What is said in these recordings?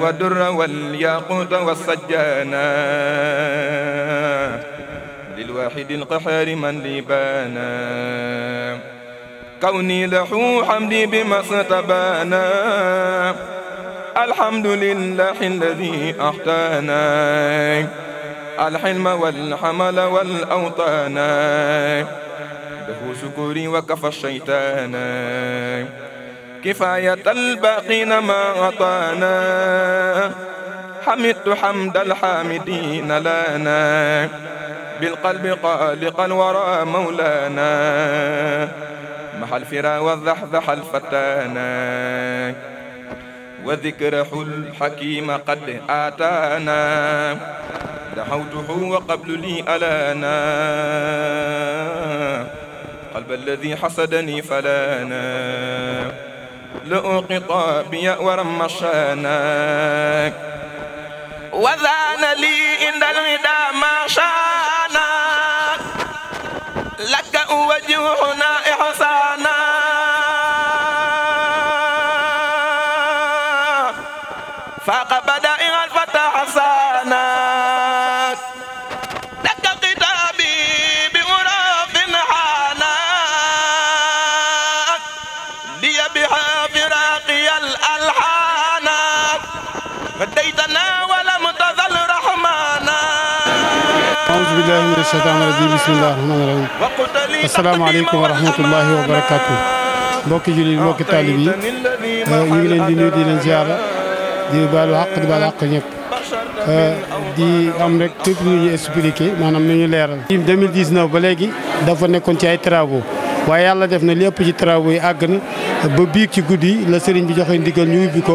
والدر والياقوت والسجانا للواحد القحار من لي بانا كوني لحو حمدي بما استبانا الحمد لله الذي أحتانا الحلم والحمل والأوطانا له شكري وكفى الشيطانا كفاية الباقين ما أطانا حمدت حمد الحامدين لنا بالقلب قالقا وراء مولانا محى الفرا والذحذح الفتانا وذكر الحكيم قد آتانا دعوته وقبل لي ألانا قلب الذي حسدني فلانا لؤلؤ قطابي ورم شاناك وزان لي عند الغدا ما شاناك لك وجهنا aouzu billahi mina shaytaani rajim bismillahi rahmaani rahim asalaamaaleykum wa rahmatullahi wa barakaatu mbokki jullit mbokki taalib yi ngi leen di nuyu di leen ziara di baalu àq di baalu àq ñëpp di am rek tout lu ñu expliqué maanaam nu ñu leeral. ba léegi dafa nekkoon ci ay traabo waaye yàlla def na lépp ci travaux yi àgg na ba biig ci guddi la sëriñ bi joxe ndigal ñu ubbi ko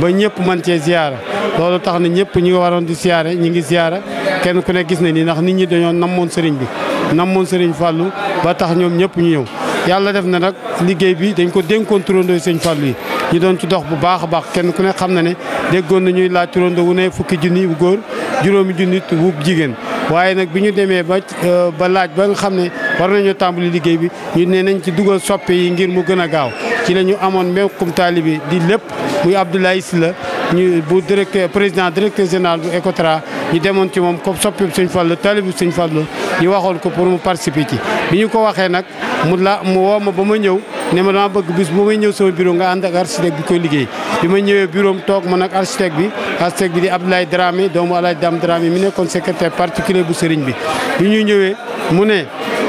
ba ñépp mën cee ziara. loolu tax na ñëpp ñi waroon di siyaare ñi ngi siyaara kenn ku ne gis na ni ndax nit ñi dañoo namoon sëriñ bi namoon sëriñ Fàllu ba tax ñoom ñëpp ñu ñëw yàlla def na nag liggéey bi dañ ko dénkoon turandoo sëñ Fàllu yi ñu doon ci dox bu baax a baax kenn ku ne xam na ne déggoon na ñuy laaj turandoo wu ne fukki junni wu góor juróomi junni wu jigéen waaye nag bi ñu demee ba euh, ba laaj ba nga xam ne war nañoo tàmbali liggéey bi ñu nee nañ ci dugal soppe ngir mu gën a gaaw ci la ñu amoon mbéyum taalibe di lépp muy Abdoulaye Sylla ñu bu directeur président directeur général bu ECOTRA ñu demoon ci moom ko soppi suñ la tali bi suñ fallu ñu waxoon ko pour mu participer ci bi ñu ko waxee nag mu la mu woo ma ba ma ñëw ne ma dama bëgg bis bu may ñëw sama bureau nga ànd ak architecte bi koy liggéey bi ma ñëwee bureau am toog ma ak architecte bi architecte bi di Abdoulaye Dramé doomu Alaaj Dam Dramé mi nekkoon secrétaire particulier bu sëriñ bi bi ñuy ñëwee mu ne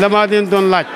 la maa doon laaj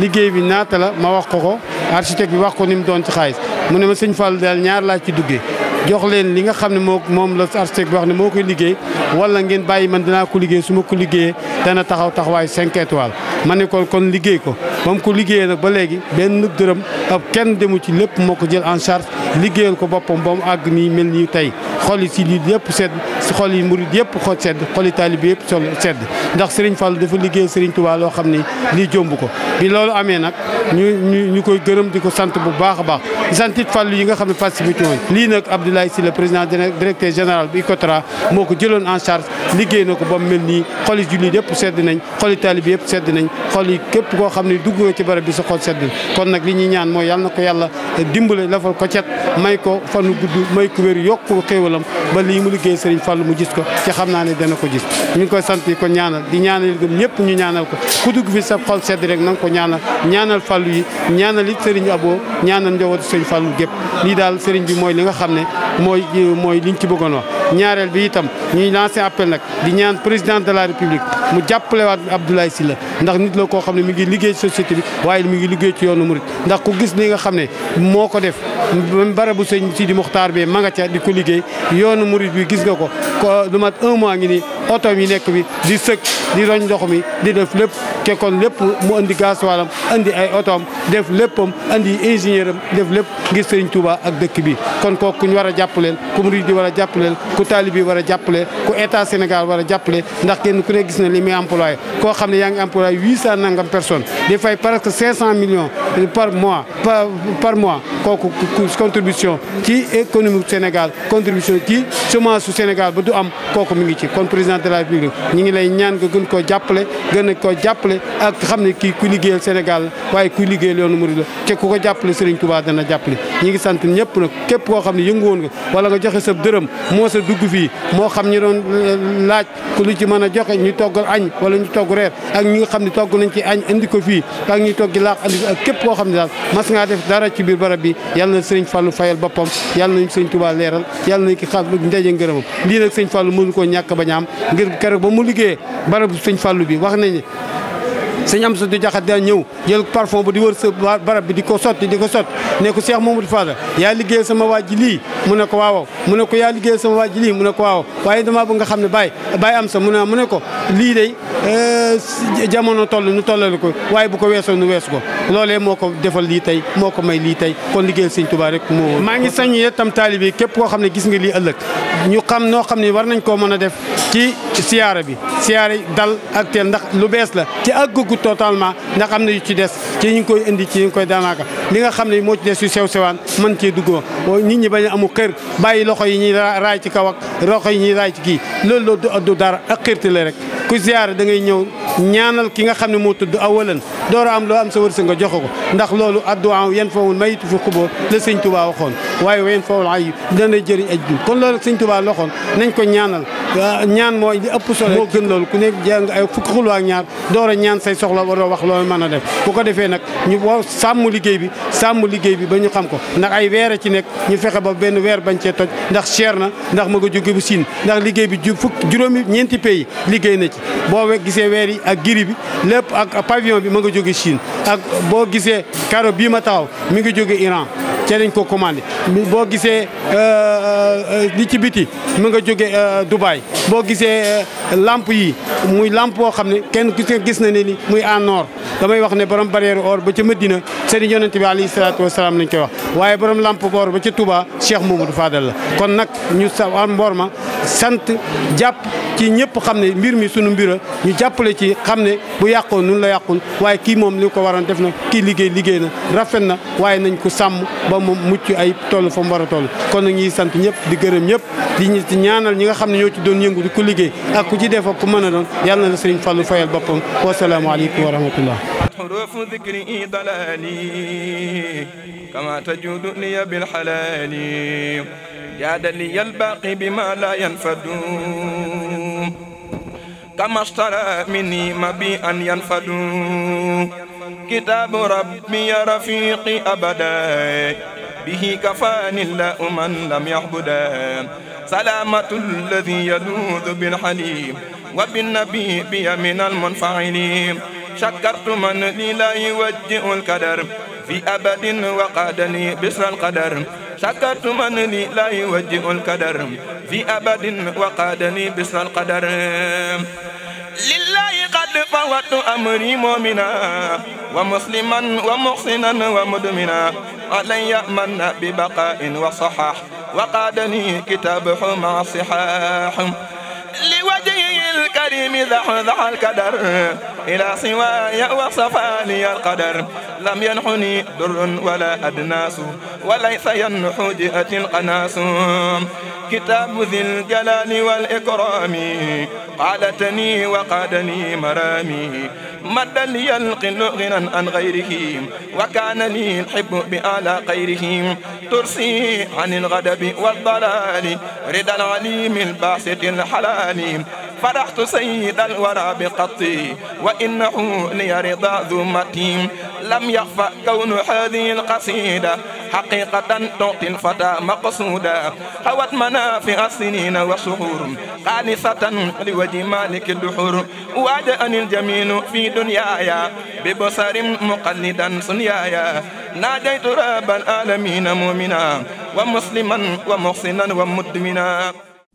liggéey bi naata la ma wax ko ko architecte bi wax ko ni mu doon ci xaalis mu ne ma sëñ Fall daal ñaar laaj ci duggee jox leen li nga xam ne moo moom la architecte bi wax ne moo koy liggéey wala ngeen bàyyi man dinaa ko liggéey su ma ko liggéeyee dana taxaw taxawaay cinq étoiles ma ne ko kon liggéey ko moom ko liggéeyee nag ba léegi benn dërëm ab kenn demu ci lépp moo ko jël en charge liggéeyal ko boppam ba mu àgg nii mel nii tey xol yi si lii lépp seet si xol yi murid yëpp xol sedd xol yi taalibe yëpp sol sedd ndax Serigne Fall dafa liggéey Serigne Touba xam ni lii jomb ko bi loolu amee nag ñu koy gërëm di ko sant bu baax a baax di sant it yi nga xam ne participé woon lii nag Abdoulaye Sylla président directeur général bi ICOTRA moo ko jëloon en charge liggéey na ko ba mu mel nii xol yi jullit yëpp sedd nañ xol yi taalibe yëpp sedd nañ xol yi képp koo xam ne dugg nga ci barab bi sa xol sedd kon na ko yàlla dimbale lafal ko cet may ko fanu gudd may ko wér yokk xéewalam ba lii Fallou mu gis ko ci xam naa ne dana ko gis ñu ngi koy sant yi ko ñaanal di ñaanal gëm ñëpp ñu ñaanal ko ku dugg fi sa xol sedd rek na nga ko ñaanal ñaanal Fallou yi ñaanal it Serigne Abo ñaanal njabootu Serigne Fallou gépp lii daal Serigne bi mooy li nga xam ne mooy mooy liñ ci bëggoon wax ñaareel bi itam ñuy lancé appel nag di ñaan président de la république mu jàppale waat Abdoulaye Sylla ndax nit la koo xam ne mu ngi liggéey société bi waaye mi ngi liggéey ci yoonu murit ndax ku gis li nga xam ne moo ko def barabu sëñ Sidi Mokhtar bi ma nga ca di ko liggéey mu murit bi gis nga ko ko lu mat un mois ngi nii oto yi nekk bi di sëkk di roñ ndox mi di def lépp te kon lépp mu indi gasoilam indi ay otoom def léppam indi ingénieur am def lépp ngir Serigne Touba ak dëkk bi kon kooku ku ñu war a jàppaleel ku murid di war a jàppaleel ku taalibe bi war a jàppale ku état Sénégal war a jàppale ndax kenn ku ne gis na li muy employé koo xam ne yaa ngi employé huit cent nangam personnes di fay presque cinq cent millions par mois par par mois kooku contribution ci économie Sénégal contribution ci semence Sénégal ba du am kooku mi ngi ci kon de la République ñi ngi lay ñaan nga gën koo jàppale gën a koo jàppale ak xam ne kii ku liggéeyal Sénégal waaye kuy liggéeyal yoonu murid la te ko jàppale Serigne Touba dana jàppale ñi ngi sant ñëpp nag képp koo xam ne yëngu woon nga wala nga joxe sa dërëm moo sa dugg fii moo xam ñi doon eh, laaj ku lu ci mën a joxe ñu toggal añ wala ñu togg reer ak ñi nga xam ne togg nañ ci añ indi ko fii ak ñuy togg laax andi ak képp koo xam ne daal mas ngaa def dara ci biir barab bi yàlla na Serigne Fallou fayal boppam yàlla nañ Serigne Touba leeral yàlla nañ ki xam ndaje ngërëmam lii nag Serigne Fallou mënu koo ñàkk bañ am ngir keroog ba mu liggéeye barab sëñ fàllu bi wax nañu sëñ am satu jaxat daan ñëw jël parfum bu di wër sa barab bi di ko sotti di ko sotti ne ko Cheikh Mamadou Fadal yaa liggéeyal sama waa ji lii mu ne ko waaw mu ne ko yaa liggéeyal sama waa ji lii mu ne ko waaw waaye damaa bëgg nga xam ne bàyyi bàyyi am sa mu ne mu ne ko lii day eh, jamono toll nu tollal ko waaye bu ko weesoo nu weesu ko loolee moo ko defal lii tey moo ko may lii tey kon liggéeyal sëñ Tuubaa rek moo maa ngi sañ itam taalibe yi képp koo xam ne gis nga lii ëllëg ñu xam noo xam ne war nañ koo mën a def ci siyaara bi siyaara dal ak teel lu bees la dugg totalement nga xam ne yu ci des ci ñu koy indi ci ñu koy daanaka li nga xam ne moo ci des yu sew sewaan mën cee duggoo nit ñi bañ a amul xër bàyyi loxo yi ñu raay ci kaw ak loxo yi ñuy raay ci kii loolu loolu du dara ak xirti la rek ku ziyaare da ngay ñëw ñaanal ki nga xam ne moo tudd awalan door a am loo am sa wërsëg nga joxe ko ndax loolu adduwaaw yan fawul mayitu fu xubóor la sëñ Tuubaa waxoon waaye yan fawul ay dana jëriñ aj dul kon loolu sëñ Tuubaa loxoon nañ ko ñaanal ñaan mooy li ëpp solo moo gën loolu ku nekk jàng ay fukk xulu ak ñaar door ñaan say soxla war a wax loolu mën a def bu ko defee nag ñu woo sàmm liggéey bi sàmm liggéey bi ba ñu xam ko ndax ay weer a ci nekk ñu fexe ba benn weer bañ cee toj ndax cher na ndax ma nga jóge bu siin ndax liggéey bi ju fukk juróomi ñeenti pays liggéey na ci boo gisee weer yi ak giri bi lépp ak pavillon bi ma nga jóge siin ak boo gisee karo bii ma taxaw mi ngi jóge Iran ci lañ ko commandé boo gisee euh, euh, euh, li ci biti mu nga jóge Dubaï boo gisee lamp yi muy lamp boo xam ne kenn ku gis na ne ni muy en or damay wax ne borom barrière or ba ca Medina sëriñ yonente bi alayhi salaatu wasalaam lañ koy wax waaye borom lamp or ba ca Touba Cheikh du Fadal la kon nag ñu sa am ma sant jàpp ci ñëpp xam ne mbir mi sunu mbir ñu jàppale ci xam ne bu yàqoo nun la yàqul waaye kii moom li ko waroon def na kii liggéey liggéey na rafet na waaye nañ ko sàmm ba moom mucc ay toll fa mu war a toll kon nag ñuy sant ñëpp di gërëm ñëpp di ñu ci ñaanal ñi nga xam ne ñoo ci doon yëngu di ko liggéey ak ku ci def ak ku mën a doon yàlla na la sëriñ Fallou fayal boppam wasalaamu aleykum wa rahmatullah حروف ذكري ضلالي كما تجود لي بالحلال جاد لي الباقي بما لا ينفد كما اشترى مني مبيئا ينفد كتاب ربي يا رفيقي أبدا به كفاني الله من لم يعبدا سلامة الذي يدود بالحليم وبالنبي بي من المنفعلين شكرت من لي لا يوجئ الكدر في أبد وقادني بسر القدر شكرت من لي لا يوجه الكدر في أبد وقادني بسر القدر لله قد فوت أمري مؤمنا ومسلما ومحسنا ومدمنا علي من ببقاء وصحح وقادني كتابه مع صحاح لوجه الكريم ذحذح الكدر إلى سواي وصفاني القدر لم ينحني در ولا أدناس وليس ينحو جئة القناس كتاب ذي الجلال والإكرام قالتني وقادني مرامي مد لي القل غنى عن غيره وكان لي الحب بأعلى خيره ترسي عن الغدب والضلال رضا العليم الباسط الحلال الأحسان فرحت سيد الورى بقطي وإنه لي رضا ذمتي لم يخفى كون هذه القصيدة حقيقة تعطي الفتى مقصودا هوت منافع السنين والشهور خالصة لوجه مالك الدحور وجاءني الجميل في دنياي ببصر مقلدا صنيايا ناجيت رب العالمين مؤمنا ومسلما ومحسنا ومدمنا